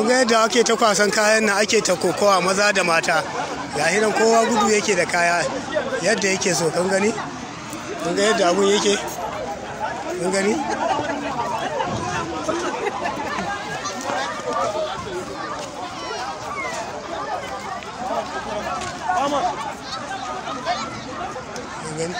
ga yadda ake ta kwasan kayan na ake ta kokowa maza da mata ga hinan kowa gudu yake da kaya yadda yake so kan gani kun ga yadda abun yake kun gani Kun gani?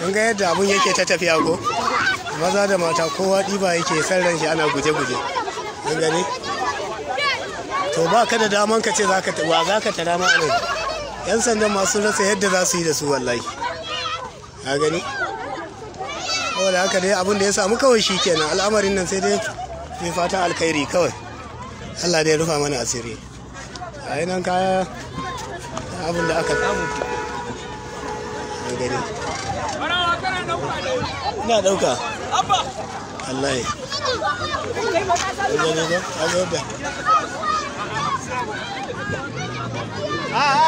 kun ga yadda abun yake ta tafiya ko maza da mata kowa ɗiba yake san ran shi ana guje-guje kun gani to ba ka da daman ka ce za ka wa za ka tara ma anan yan sandan masu rasa yadda za su yi da su wallahi ka gani da haka dai abun da ya samu kawai shi kenan al'amarin nan sai dai ne fatan alkhairi kawai allah da ya rufa mana asiri a yi nan kaya abin da aka samu gani ina dauka allah wallahi gani ba a